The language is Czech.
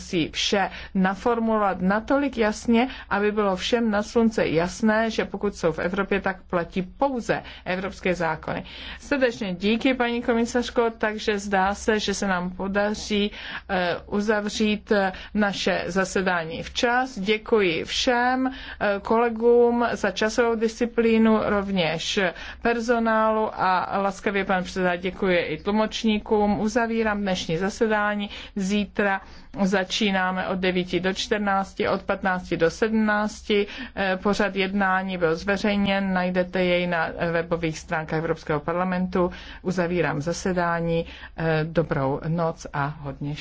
musí vše naformulovat natolik jasně, aby bylo všem na slunce jasné, že pokud jsou v Evropě, tak platí pouze evropské zákony. Srdečně díky, paní komisařko, takže zdá se, že se nám podaří eh, uzavřít eh, naše zasedání včas. Děkuji všem eh, kolegům za časovou disciplínu, rovněž personálu a laskavě pan předseda děkuji i tlumočníkům. Uzavírám dnešní zasedání. Zítra začíná Začínáme od 9 do 14, od 15 do 17. Eh, pořad jednání byl zveřejněn, najdete jej na webových stránkách Evropského parlamentu. Uzavírám zasedání. Eh, dobrou noc a hodně štěstí.